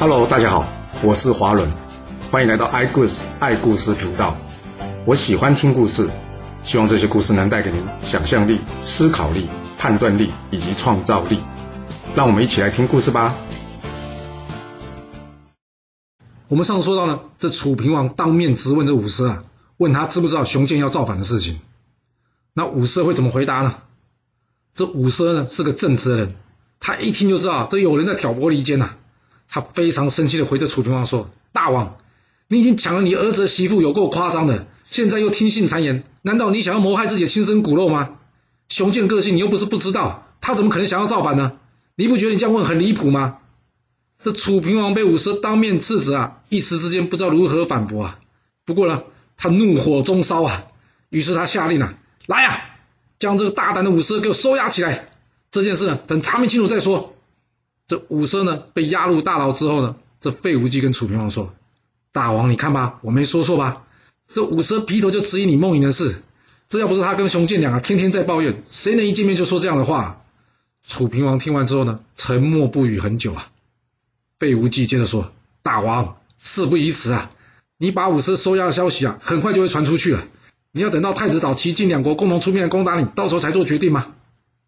Hello，大家好，我是華倫，歡迎來到 iGoose 愛故事頻道。我喜歡聽故事，希望這些故事能帶給您想象力、思考力、判斷力以及創造力。讓我們一起來聽故事吧。我們上次說到呢，這楚平王當面質問這伍奢啊，問他知不知道熊建要造反的事情。那伍奢會怎麼回答呢？這伍奢呢是個正直的人，他一聽就知道這有人在挑撥離間吶、啊。他非常生氣地回着楚平王說：“大王，你已經搶了你兒子的媳婦，有夠誇張的。現在又聽信讒言，難道你想要謀害自己的親生骨肉嗎？熊建個性，你又不是不知道，他怎麼可能想要造反呢？你不覺得你這樣問很離譜嗎？”這楚平王被伍奢當面斥責啊，一時之間不知道如何反駁啊。不過呢，他怒火中燒啊，於是他下令了、啊：“來呀、啊，將這個大膽的伍奢給我收押起來。這件事呢等查明清楚再說。”這伍奢呢被押入大牢之後呢，這費無忌跟楚平王說：“大王，你看吧，我沒說錯吧？這伍奢劈頭就質疑你孟嬴的事，這要不是他跟熊建兩個天天在抱怨，誰能一見面就說這樣的話？”楚平王聽完之後呢，沉默不語很久啊。費無忌接着說：“大王，事不宜遲啊，你把伍奢收押的消息啊，很快就會傳出去了。你要等到太子找齊晉兩國共同出面攻打你，到時候才做決定嗎？”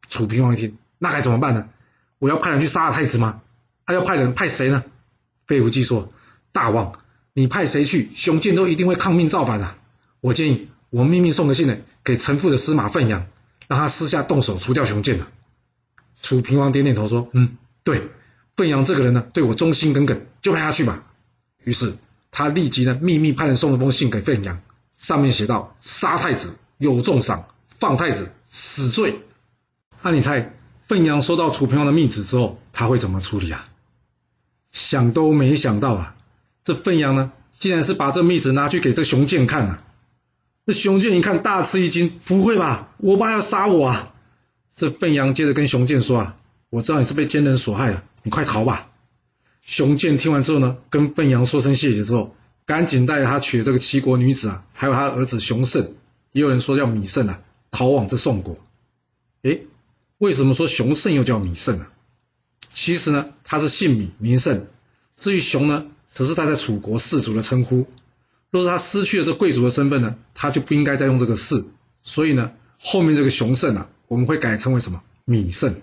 楚平王一聽，那該怎麼辦呢？我要派人去殺了太子嗎？他、啊、要派人派誰呢？費無忌說：“大王，你派誰去，熊建都一定會抗命造反的、啊。我建議，我秘密送個信呢，給臣父的司馬奮揚，讓他私下動手除掉熊建了。”楚平王點點頭說：“嗯，對，奮揚這個人呢，對我忠心耿耿，就派他去吧。”於是他立即呢，秘密派人送了封信給奮揚，上面寫道：“殺太子有重賞，放太子死罪。啊”那你猜？奮揚收到楚平王的密旨之後，他會怎麼處理啊？想都沒想到啊！這奮揚呢，竟然是把這密旨拿去給這熊建看啊！這熊建一看，大吃一驚：“不會吧？我爸要殺我啊！”這奮揚接着跟熊建說：“啊，我知道你是被奸人所害，你快逃吧！”熊建聽完之後呢，跟奮揚說聲謝謝之後，趕緊帶着他娶的這個齊國女子啊，還有他兒子熊勝，也有人說叫米勝啊，逃往這宋國。哎。為什麼說熊勝又叫羋勝啊？其實呢，他是姓羋，名勝。至於熊呢，只是他在楚國氏族的稱呼。若是他失去了這貴族的身份呢，他就不應該再用這個氏。所以呢，後面這個熊勝啊，我們會改稱為什麼？羋勝。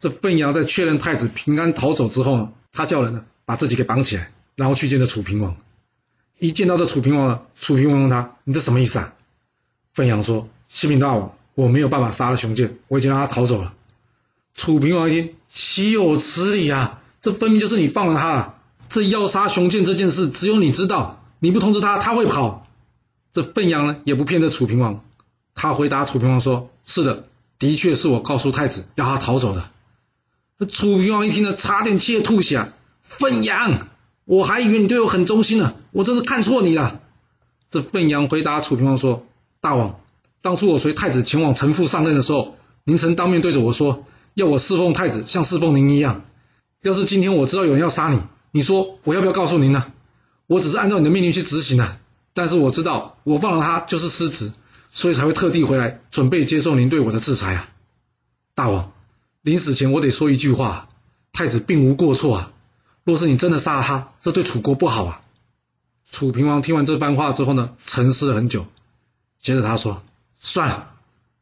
這奮揚在確認太子平安逃走之後呢，他叫人呢把自己給綁起來，然後去見了楚平王。一見到這楚平王呢，楚平王問他：“你這什麼意思啊？”奮揚說：“啟稟大王。”我沒有辦法殺了熊建，我已經讓他逃走了。楚平王一聽，豈有此理啊！這分明就是你放了他了。這要殺熊建這件事，只有你知道，你不通知他，他會跑。這奮揚呢，也不騙這楚平王，他回答楚平王說：“是的，的確是我告訴太子，要他逃走的。”楚平王一聽呢，差點氣得吐血啊。奮揚，我還以為你對我很忠心呢啊，我真是看錯你了。這奮揚回答楚平王說：“大王。”當初我隨太子前往城父上任的時候，您曾當面對着我說，要我侍奉太子像侍奉您一樣。要是今天我知道有人要殺你，你說我要不要告訴您呢、啊？我只是按照你的命令去執行啊，但是我知道我放了他就是失職，所以才會特地回來準備接受您對我的制裁啊。大王臨死前我得說一句話，太子並無過錯啊。若是你真的殺了他，這對楚國不好啊。楚平王聽完這番話之後呢，沉思了很久，接着他說。算了，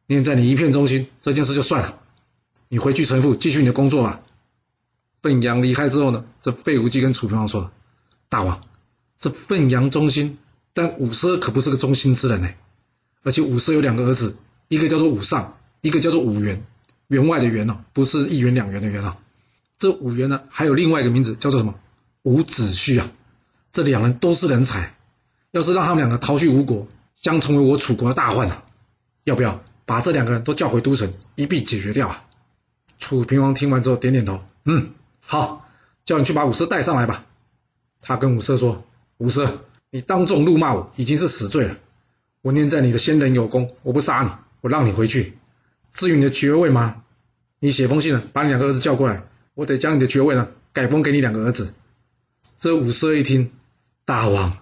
念在你一片忠心，這件事就算了。你回去城父，繼續你的工作吧。奮揚離開之後呢，這費無忌跟楚平王說：“大王，這奮揚忠心，但伍奢可不是個忠心之人呢。而且伍奢有兩個兒子，一個叫做伍尚，一個叫做伍員，員外的員哦、啊，不是一員兩員的員哦、啊。這伍員呢，還有另外一個名字叫做什麼？伍子胥啊。這兩人都是人才，要是讓他們兩個逃去吳國，將成為我楚國的大患啊。”要不要把這兩個人都叫回都城，一併解決掉啊？楚平王聽完之後點點頭，嗯，好，叫你去把伍奢帶上來吧。他跟伍奢說：“伍奢，你當眾怒罵我，已經是死罪了。我念在你的先人有功，我不殺你，我讓你回去。至於你的爵位嘛，你寫封信呢，把你兩個兒子叫過來，我得將你的爵位呢改封給你兩個兒子。”這伍奢一聽，大王，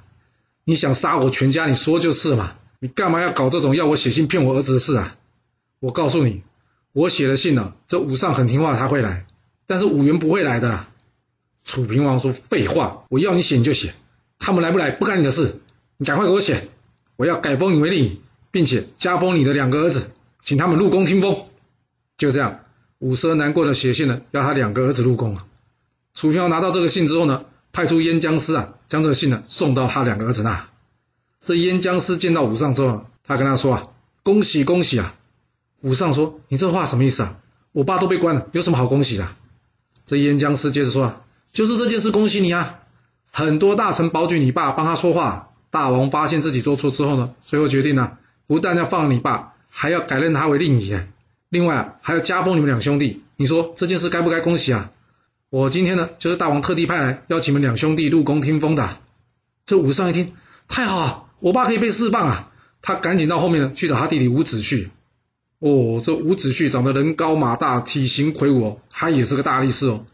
你想殺我全家，你說就是嘛。你幹嘛要搞這種要我寫信騙我兒子的事啊？我告訴你，我寫了信了、啊，這伍尚很聽話，他會來，但是伍員不會來的、啊。楚平王說：“廢話，我要你寫你就寫，他們來不來不干你的事，你趕快給我寫，我要改封你為令尹，並且加封你的兩個兒子，請他們入宮聽封。”就這樣，伍奢難過的寫信了，要他兩個兒子入宮啊。楚平王拿到這個信之後呢，派出燕將師啊，將這個信呢、啊、送到他兩個兒子那。這鄢將師見到伍尚之後，他跟他說啊：“恭喜恭喜啊！”伍尚說：“你這話什麼意思啊？我爸都被關了，有什麼好恭喜的、啊？”這鄢將師接着說：“啊，就是這件事恭喜你啊！很多大臣保舉你爸，幫他說話。大王發現自己做錯之後呢，最後決定呢、啊，不但要放了你爸，還要改任他為令尹、啊。另外啊，還要加封你們兩兄弟。你說這件事該不該恭喜啊？我今天呢，就是大王特地派來邀請你們兩兄弟入宮聽封的。”這伍尚一聽，太好啊！我爸可以被釋放啊！他趕緊到後面去找他弟弟伍子胥。哦，這伍子胥長得人高馬大，體型魁梧、哦、他也是個大力士哦。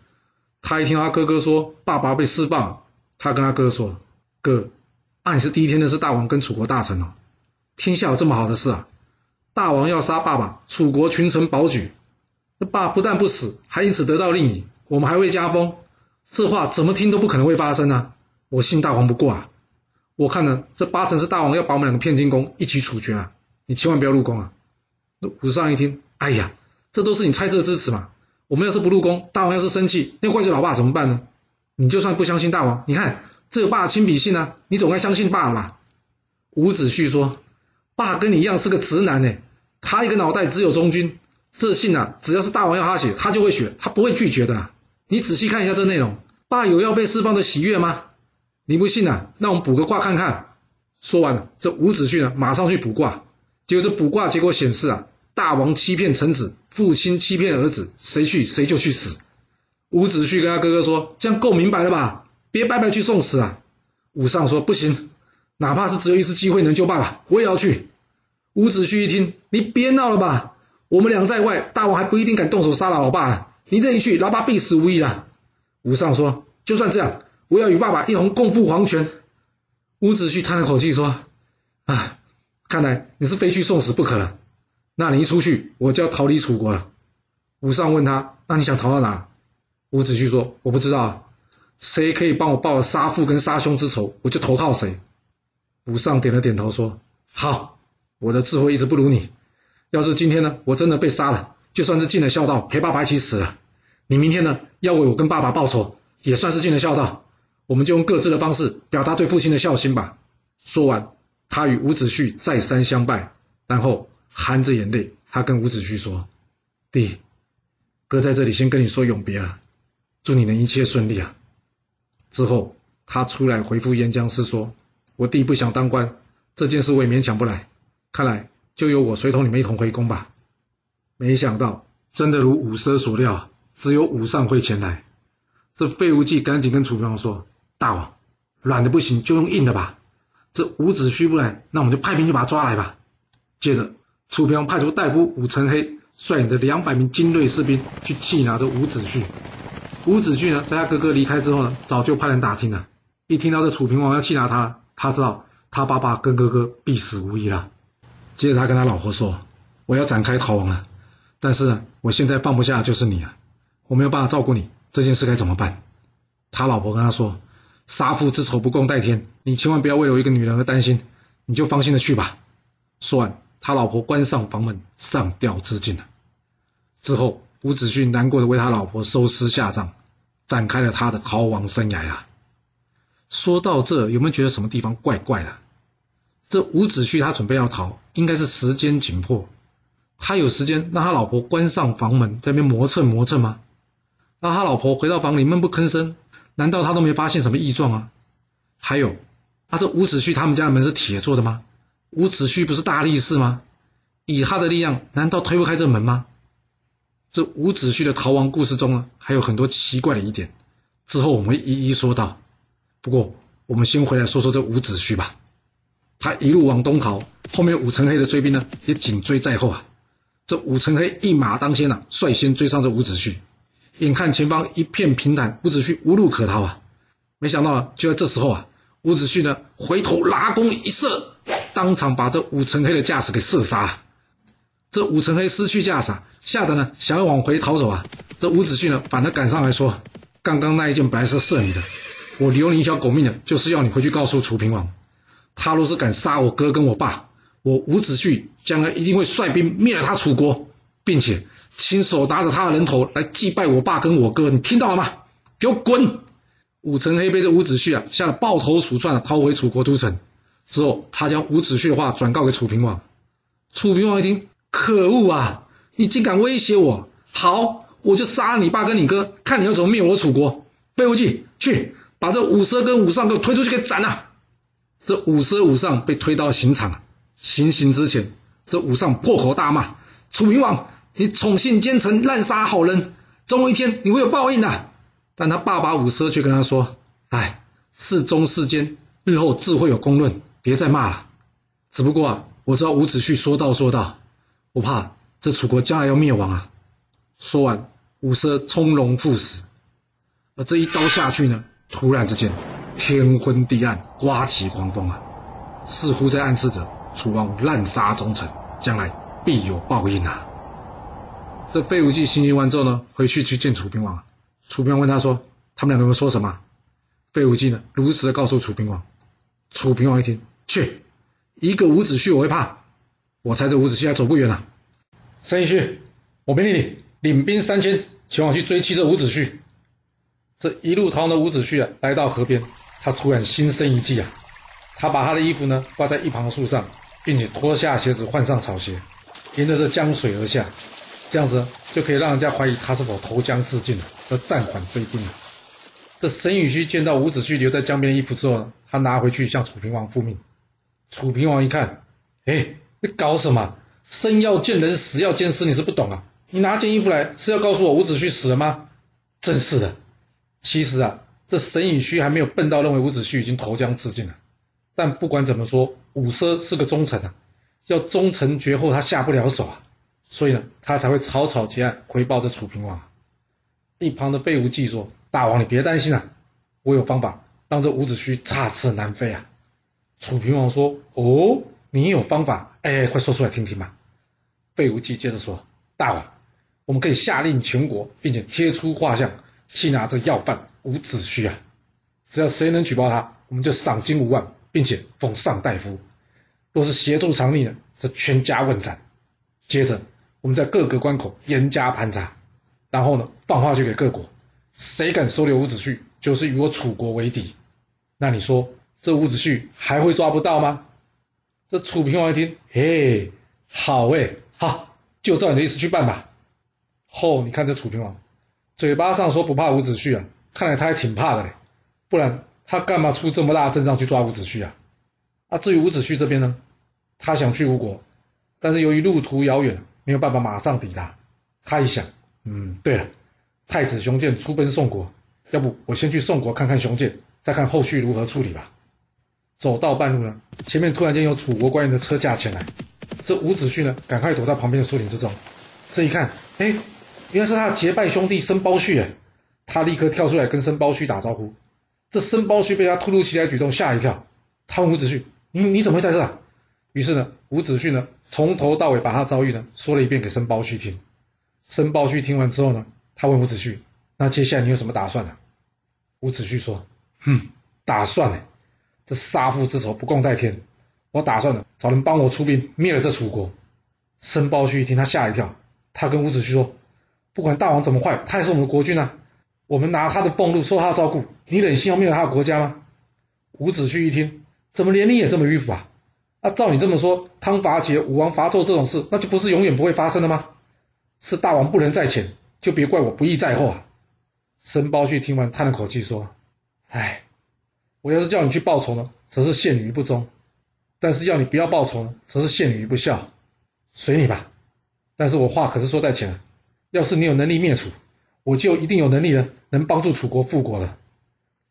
他一聽他哥哥說爸爸被釋放，他跟他哥、哥說：“哥，按、啊、你是第一天的是大王跟楚國大臣哦，天下有這麼好的事啊？大王要殺爸爸，楚國群臣保舉，那爸不但不死，還因此得到令尹，我們還會加封。這話怎麼聽都不可能會發生啊，我信大王不過啊。”我看呢，這八成是大王要把我們兩個騙進宮，一起處決啊！你千萬不要入宮啊！那伍尚一聽，哎呀，這都是你猜測之詞嘛。我們要是不入宮，大王要是生氣，那個、怪罪老爸怎麼辦呢？你就算不相信大王，你看這有爸的親筆信呢、啊，你總該相信爸了吧？伍子胥說：“爸跟你一樣是個直男呢，他一個腦袋只有忠君。這信啊，只要是大王要他寫，他就會寫，他不會拒絕的、啊。你仔細看一下這內容，爸有要被釋放的喜悅嗎？”你不信啊，那我們卜個卦看看。說完了，這伍子胥呢、啊，馬上去卜卦。結果這卜卦結果顯示啊，大王欺騙臣子，父親欺騙兒子，誰去誰就去死。伍子胥跟他哥哥說：“這樣夠明白了吧？別白白去送死啊！”伍尚說：“不行，哪怕是只有一次機會能救爸爸，我也要去。”伍子胥一聽：“你別鬧了吧，我們倆在外，大王還不一定敢動手殺了老，老爸、啊。你這一去，老爸必死無疑了。”伍尚說：“就算這樣。”我要與爸爸一同共赴黃泉。”伍子胥嘆了口氣說：“啊，看來你是非去送死不可了。那你一出去，我就要逃離楚國了。”伍尚問他：“那你想逃到哪？”伍子胥說：“我不知道，啊，誰可以幫我報了殺父跟殺兄之仇，我就投靠誰。”伍尚點了點頭說：“好，我的智慧一直不如你。要是今天呢，我真的被殺了，就算是盡了孝道，陪爸爸一起死了。你明天呢，要為我跟爸爸報仇，也算是盡了孝道。”我們就用各自的方式表達對父親的孝心吧。說完，他與伍子胥再三相拜，然後含着眼淚，他跟伍子胥說：“弟，哥在這裡先跟你說永別了啊，祝你能一切順利啊。”之後，他出來回復鄢將師說：“我弟不想當官，這件事我也勉強不來，看來就由我隨同你們一同回宮吧。”沒想到，真的如伍奢所料，只有伍尚會前來。這費無忌趕緊跟楚平王說。大王，軟的不行，就用硬的吧。這伍子胥不來，那我們就派兵去把他抓來吧。接着，楚平王派出大夫武城黑率領着兩百名精銳士兵去緝拿這伍子胥。伍子胥呢，在他哥哥離開之後呢，早就派人打聽了。一聽到這楚平王要緝拿他，他知道他爸爸跟哥哥必死無疑了。接着他跟他老婆說：“我要展開逃亡了，但是我現在放不下的就是你啊，我沒有辦法照顧你，這件事該怎麼辦？”他老婆跟他說。殺父之仇不共戴天，你千萬不要為了一個女人而擔心，你就放心的去吧。說完，他老婆關上房門，上吊自盡了。之後，伍子胥難過的為他老婆收屍下葬，展開了他的逃亡生涯啊。說到這，有沒有覺得什麼地方怪怪的？這伍子胥他準備要逃，應該是時間緊迫，他有時間讓他老婆關上房門，在那邊磨蹭磨蹭嗎？讓他老婆回到房裡悶不吭聲？難道他都沒發現什麼異狀啊？還有，啊這伍子胥他們家的門是鐵做的嗎？伍子胥不是大力士嗎？以他的力量，難道推不開這門嗎？這伍子胥的逃亡故事中呢，還有很多奇怪的一點，之後我們會一一說到。不過，我們先回來說說這伍子胥吧。他一路往東逃，後面武城黑的追兵呢，也緊追在後啊。這武城黑一馬當先啊，率先追上這伍子胥。眼看前方一片平坦，伍子胥無路可逃啊！沒想到啊，就在這時候啊，伍子胥呢回頭拉弓一射，當場把這武城黑的駕駛給射殺了。這武城黑失去駕駛，嚇得呢想要往回逃走啊！這伍子胥呢把他趕上來說：“剛剛那一箭本來是射你的，我留你一條狗命的，就是要你回去告訴楚平王，他若是敢殺我哥跟我爸，我伍子胥將來一定會率兵滅了他楚國，並且，”親手拿着他的人頭來祭拜我爸跟我哥，你聽到了嗎？給我滾！武城黑被這伍子胥啊，嚇得抱頭鼠竄的逃回楚國都城。之後，他將伍子胥的話轉告給楚平王。楚平王一聽，可惡啊！你竟敢威脅我！好，我就殺了你爸跟你哥，看你要怎麼滅我楚國。背回去，去把這伍奢跟伍尚給我推出去給斬了、啊。這伍奢、伍尚被推到了刑場，行刑之前，這伍尚破口大罵楚平王。你寵信奸臣，濫殺好人，終有一天你會有報應的啊。但他爸爸伍奢卻跟他說：“哎，是忠是奸，日後自會有公論，別再罵了。只不過啊，我知道伍子胥說到做到，我怕這楚國將來要滅亡啊。”說完，伍奢從容赴死。而這一刀下去呢，突然之間天昏地暗，颳起狂風啊，似乎在暗示着楚王濫殺忠臣，將來必有報應啊。這費無忌行刑完之後呢，回去去見楚平王。楚平王問他說：“他們兩個人說什麼？”費無忌呢，如實的告訴楚平王。楚平王一聽，去一個伍子胥我會怕，我猜這伍子胥還走不遠啊。沈尹戌，我命令你領兵三千前往去追擊這伍子胥。這一路逃亡的伍子胥啊，來到河邊，他突然心生一計啊，他把他的衣服呢掛在一旁樹上，並且脫下鞋子換上草鞋，沿着這江水而下。這樣子就可以讓人家懷疑他是否投江自盡了，要暫緩追兵。了。這沈尹須見到伍子胥留在江邊的衣服之後，他拿回去向楚平王復命。楚平王一看，哎，你搞什麼？生要見人，死要見屍，你是不懂啊？你拿件衣服來是要告訴我伍子胥死了嗎？真是的。其實啊，這沈尹須還沒有笨到認為伍子胥已經投江自盡了。但不管怎麼說，伍奢是個忠臣啊，要忠臣絕後，他下不了手啊。所以呢，他才會草草結案回報這楚平王。一旁的費無忌說：“大王，你別擔心啊，我有方法讓這伍子胥插翅難飛啊。”楚平王說：“哦，你有方法？哎，快說出來聽聽吧。”費無忌接着說：“大王，我們可以下令全國，並且貼出畫像去拿這要犯伍子胥啊！只要誰能舉報他，我們就賞金五萬，並且封上大夫；若是協助藏匿呢，是全家問斬。”接着。我們在各個關口嚴加盤查，然後呢，放話去給各國：誰敢收留伍子胥，就是與我楚國為敵。那你說這伍子胥還會抓不到嗎？這楚平王一聽，嘿，好誒、欸，好，就照你的意思去辦吧。吼、哦、你看這楚平王，嘴巴上說不怕伍子胥啊，看來他還挺怕的嘞，不然他幹嘛出這麼大陣仗去抓伍子胥啊？啊，至於伍子胥這邊呢，他想去吳國，但是由於路途遙遠。沒有辦法馬上抵達，他一想，嗯，對了，太子熊建出奔宋國，要不我先去宋國看看熊建，再看後續如何處理吧。走到半路呢，前面突然間有楚國官員的車駕前來，這伍子胥呢，趕快躲到旁邊的樹林之中。這一看，哎，原來是他的結拜兄弟申包胥哎，他立刻跳出來跟申包胥打招呼。這申包胥被他突如其來舉動嚇一跳，他問伍子胥：“你你怎麼會在這？”於是呢，伍子胥呢，從頭到尾把他遭遇呢說了一遍給申包胥聽。申包胥聽完之後呢，他問伍子胥：“那接下來你有什麼打算呢、啊？”伍子胥說：“哼，打算呢？這殺父之仇不共戴天，我打算呢找人幫我出兵滅了這楚國。”申包胥一聽，他嚇一跳，他跟伍子胥說：“不管大王怎麼壞，他也是我們的國君啊，我們拿他的俸祿受他的照顧，你忍心要滅了他的國家嗎？”伍子胥一聽，怎麼連你也這麼迂腐啊？那、啊、照你這麼說，湯伐桀，武王伐紂這種事，那就不是永遠不會發生的嗎？是大王不能在前，就別怪我不義在後啊！申包胥聽完嘆了口氣說：“唉，我要是叫你去報仇呢，則是陷於不忠；但是要你不要報仇呢，則是陷於不孝。隨你吧。但是我話可是說在前，要是你有能力滅楚，我就一定有能力的，能幫助楚國復國的。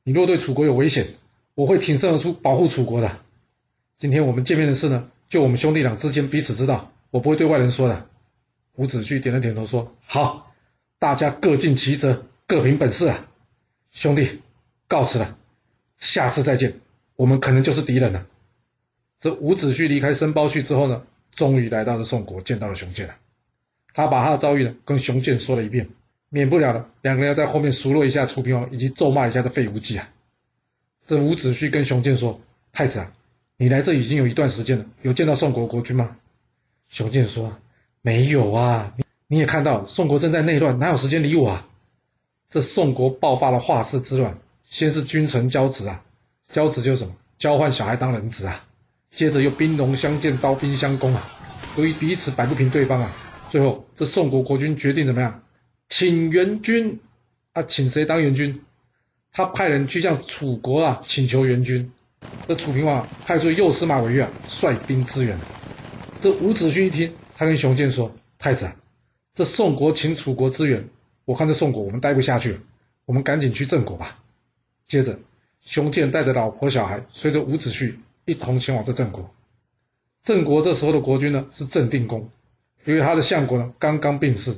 你若對楚國有危險，我會挺身而出保護楚國的。”今天我們見面的事呢，就我們兄弟倆之間彼此知道，我不會對外人說的。伍子胥點了點頭，說：“好，大家各盡其責，各憑本事啊，兄弟，告辭了，下次再見。我們可能就是敵人了。”這伍子胥離開申包胥之後呢，終於來到了宋國，見到了熊建了。他把他的遭遇呢，跟熊建說了一遍，免不了的，兩個人要在後面數落一下楚平王，以及咒罵一下這費無忌啊。這伍子胥跟熊建說：“太子啊。”你來這已經有一段時間了，有見到宋國國君嗎？熊建說，沒有啊。你，你也看到宋國正在內亂，哪有時間理我啊？這宋國爆發了華氏之亂，先是君臣交質啊，交質就是什麼交換小孩當人質啊，接着又兵戎相見，刀兵相攻啊。由於彼此擺不平對方啊，最後這宋國國君決定怎麼樣，請援軍啊。請誰當援軍？他派人去向楚國啊請求援軍。這楚平王派出右司馬薳越啊，率兵支援。這伍子胥一聽，他跟熊建說：“太子啊，這宋國請楚國支援，我看這宋國我們待不下去了，我們趕緊去鄭國吧。”接着，熊建帶着老婆小孩，隨着伍子胥一同前往這鄭國。鄭國這時候的國君呢是鄭定公，因為他的相國呢剛剛病逝，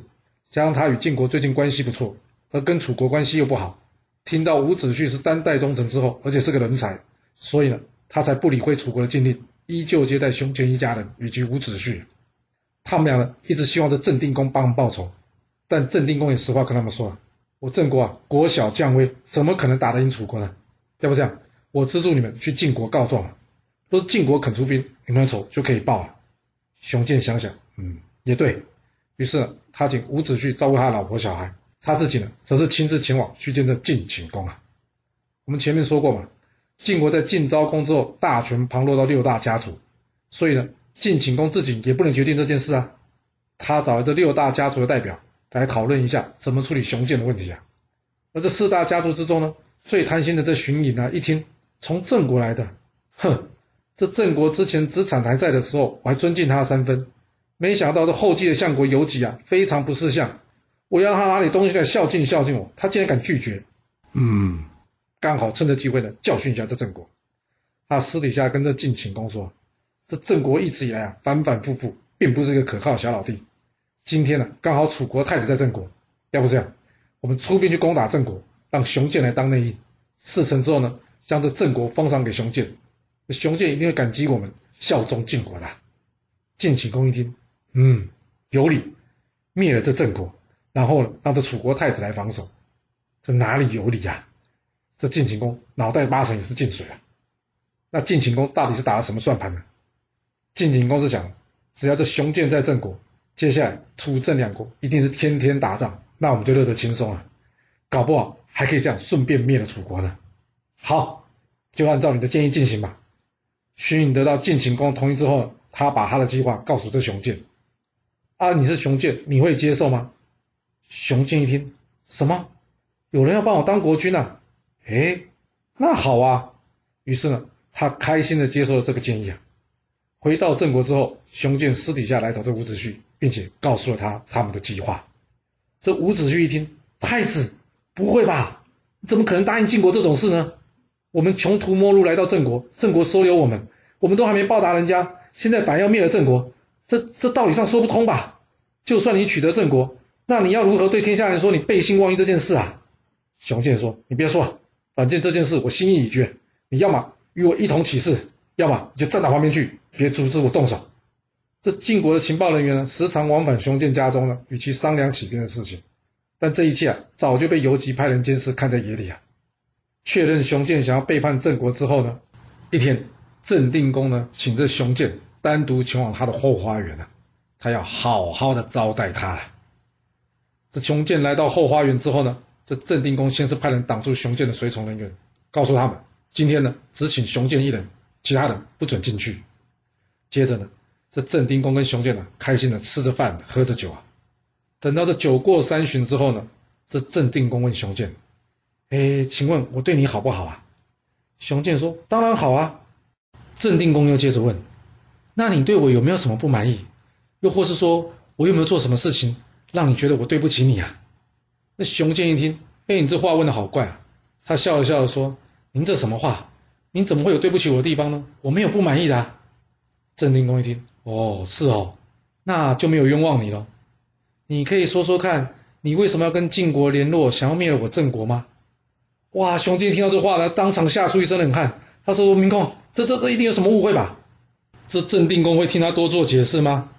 加上他與晉國最近關係不錯，而跟楚國關係又不好，聽到伍子胥是三代忠臣之後，而且是個人才。所以呢，他才不理會楚國的禁令，依舊接待熊建一家人以及伍子胥。他們倆呢，一直希望這鄭定公幫他們報仇。但鄭定公也實話跟他們說：“我鄭國啊，國小將微，怎麼可能打得贏楚國呢？要不這樣，我資助你們去晉國告狀，若是晉國肯出兵，你們的仇就可以報了啊。”熊建想想，嗯，也對。於是呢，他請伍子胥照顧他老婆小孩，他自己呢，則是親自前往去見這晉景公啊。我們前面說過嘛。晉國在晉昭公之後，大權旁落到六大家族，所以呢，晉頃公自己也不能決定這件事啊。他找了這六大家族的代表來討論一下怎麼處理熊建的問題啊。而這四大家族之中呢，最貪心的這荀寅啊，一聽從鄭國來的，哼，這鄭國之前子產還在的時候，我還尊敬他三分，沒想到這後繼的相國游吉啊，非常不識相。我要讓他拿點東西來孝敬孝敬我，他竟然敢拒絕。嗯。剛好趁這機會呢，教訓一下這鄭國。他私底下跟這晉頃公說：“這鄭國一直以來啊，反反复复，並不是一個可靠的小老弟。今天呢、啊，剛好楚國太子在鄭國，要不這樣，我們出兵去攻打鄭國，讓熊建來當內應。事成之後呢，將這鄭國封賞給熊建，熊建一定會感激我們，效忠晉國的。”晉頃公一聽，嗯，有理。滅了這鄭國，然後呢，讓這楚國太子來防守，這哪裡有理啊？這晉頃公腦袋八成也是進水了、啊。那晉頃公到底是打了什麼算盤呢？晉頃公是想，只要這熊建在鄭國，接下來楚鄭兩國一定是天天打仗，那我們就樂得輕鬆了、啊，搞不好還可以這樣順便滅了楚國呢。好，就按照你的建議進行吧。荀寅得到晉頃公同意之後，他把他的計劃告訴這熊建。啊，你是熊建，你會接受嗎？熊建一聽，什麼？有人要幫我當國君啊？誒，那好啊！於是呢，他開心的接受了這個建議啊。回到鄭國之後，熊建私底下來找這伍子胥，並且告訴了他他們的計劃。這伍子胥一聽，太子，不會吧？怎麼可能答應晉國這種事呢？我們窮途末路來到鄭國，鄭國收留我們，我們都還沒報答人家，現在反而要滅了鄭國，這這道理上說不通吧？就算你取得鄭國，那你要如何對天下人說你背信忘義這件事啊？熊建說：“你別說了啊。”反正這件事我心意已決，你要麼與我一同起事，要麼你就站到旁邊去，別阻止我動手。這晉國的情報人員呢，時常往返熊建家中呢，與其商量起兵的事情。但這一切啊，早就被游吉派人監視，看在眼裡啊。確認熊建想要背叛鄭國之後呢，一天，鄭定公呢，請這熊建單獨前往他的後花園了，啊，他要好好的招待他了。這熊建來到後花園之後呢？這鄭定公先是派人擋住熊建的隨從人員，告訴他們，今天呢只請熊建一人，其他人不准進去。接着呢，這鄭定公跟熊建呢開心的吃着飯，喝着酒啊。等到這酒過三巡之後呢，這鄭定公問熊建：“誒，請問我對你好不好啊？”熊建說：“當然好啊。”鄭定公又接着問：“那你對我有沒有什麼不滿意？又或是說我有沒有做什麼事情讓你覺得我對不起你啊？”熊建一聽，哎，你這話問得好怪啊！他笑了笑說：“您這什麼話？您怎麼會有對不起我的地方呢？我沒有不滿意的啊！”鄭定公一聽，哦，是哦，那就沒有冤枉你了。你可以說說看，你為什麼要跟晉國聯絡，想要滅了我鄭國嗎？哇！熊建一聽到這話呢，當場嚇出一身冷汗。他說：“明公，這這這一定有什麼誤會吧？這鄭定公會聽他多做解釋嗎？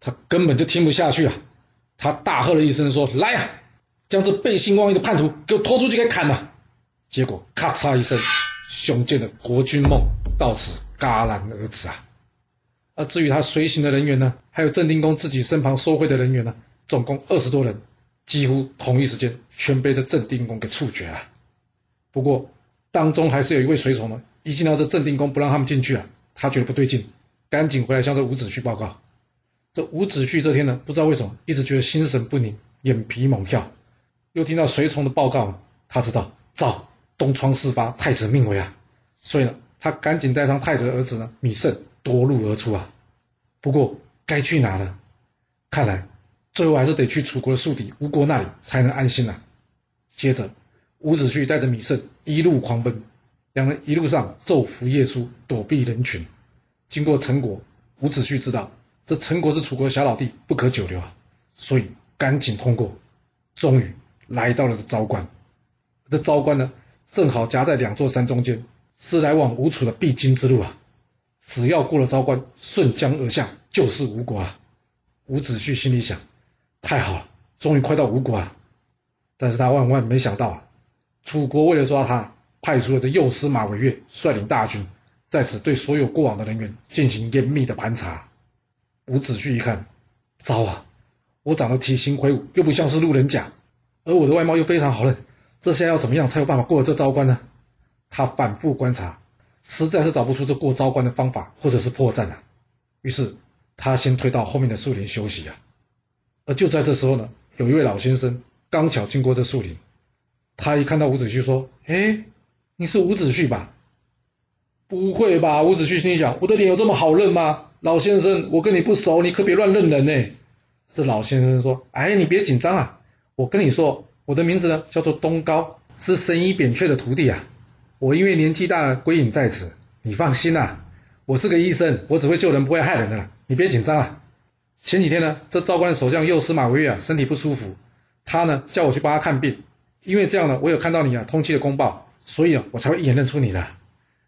他根本就聽不下去啊！他大喝了一聲說：‘來呀！’”將這背信忘義的叛徒給我拖出去給砍了！結果咔嚓一聲，熊建的國君夢到此戛然而止啊！而至於他隨行的人員呢，還有鄭定公自己身旁收會的人員呢，總共二十多人，幾乎同一時間全被這鄭定公給處決了。不過當中還是有一位隨從呢，一見到這鄭定公不讓他們進去啊，他覺得不對勁，趕緊回來向這伍子胥報告。這伍子胥這天呢，不知道為什麼一直覺得心神不寧，眼皮猛跳。又聽到隨從的報告，他知道早，東窗事發，太子命危啊，所以呢，他趕緊帶上太子的兒子呢，羋勝，奪路而出啊。不過該去哪呢？看來最後還是得去楚國的宿敵吳國那裡才能安心吶、啊。接着，伍子胥帶着羋勝一路狂奔，兩人一路上晝伏夜出，躲避人群。經過陳國，伍子胥知道這陳國是楚國的小老弟，不可久留啊，所以趕緊通過。終於。來到了這昭關，這昭關呢，正好夾在兩座山中間，是來往吳楚的必經之路啊。只要過了昭關，順江而下就是吳國啊。伍子胥心裡想：太好了，終於快到吳國了。但是他萬萬沒想到啊，楚國為了抓他，派出了這右司馬偉越率領大軍，在此對所有過往的人員進行嚴密的盤查。伍子胥一看，糟啊，我長得體型魁梧，又不像是路人甲。而我的外貌又非常好認，這下要怎麼樣才有辦法過了這昭關呢？他反覆觀察，實在是找不出這過昭關的方法或者是破綻啊。於是他先退到後面的樹林休息啊。而就在這時候呢，有一位老先生剛巧經過這樹林，他一看到伍子胥說：“哎，你是伍子胥吧？”“不會吧？”伍子胥心裡想：“我的臉有這麼好認嗎？”“老先生，我跟你不熟，你可別亂認人呢。”這老先生說：“哎，你別緊張啊。”我跟你說，我的名字呢叫做東高，是神醫扁鵲的徒弟啊。我因為年紀大歸隱在此。你放心啦、啊，我是個醫生，我只會救人，不會害人的。你別緊張啊。前幾天呢，這昭關的守將右司馬魏越啊，身體不舒服，他呢叫我去幫他看病。因為這樣呢，我有看到你啊，通緝的公報，所以啊，我才會一眼認出你的。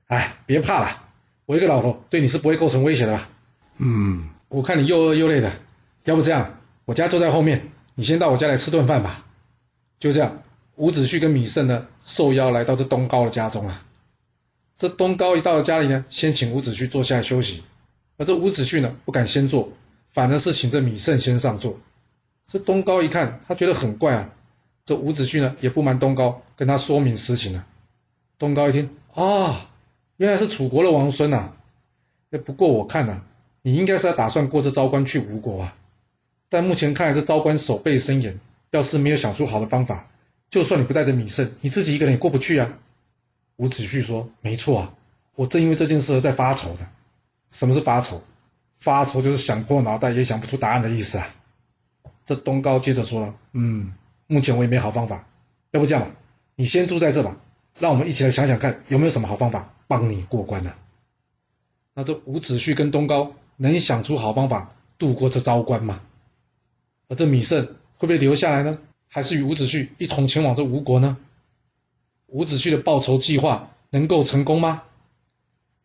哎，別怕了，我一個老頭，對你是不會構成威脅的啦。嗯，我看你又餓又累的，要不這樣，我家就在後面。你先到我家來吃頓飯吧，就這樣。伍子胥跟羋勝呢，受邀來到這東皋的家中啊。這東皋一到了家裡呢，先請伍子胥坐下來休息。而這伍子胥呢，不敢先坐，反而是請這羋勝先上座。這東皋一看，他覺得很怪啊。這伍子胥呢，也不瞞東皋，跟他說明實情了。東皋一聽啊、哦，原來是楚國的王孫吶、啊。那不過我看啊，你應該是要打算過這昭關去吳國啊。但目前看來，這昭關守備森嚴，要是沒有想出好的方法，就算你不帶着米勝，你自己一個人也過不去啊。伍子胥說：“沒錯啊，我正因為這件事在發愁呢。什麼是發愁？發愁就是想破腦袋也想不出答案的意思啊。”這東高接着說了：“，嗯，目前我也沒好方法，要不這樣吧，你先住在這吧，讓我們一起來想想看有沒有什麼好方法幫你過關呢，啊？那這伍子胥跟東高能想出好方法度過這昭關嗎？”而這米勝會被留下來呢？還是與伍子胥一同前往這吳國呢？伍子胥的報仇計劃能夠成功嗎？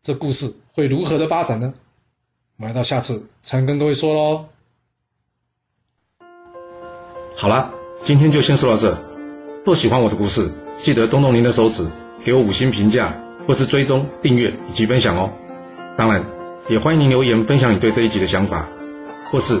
這故事會如何的發展呢？我們來到下次才能跟各位說嘍。好了，今天就先說到這。若喜歡我的故事，記得動動您的手指，給我五星評價，或是追蹤、訂閱以及分享哦。當然，也歡迎您留言分享你對這一集的想法，或是。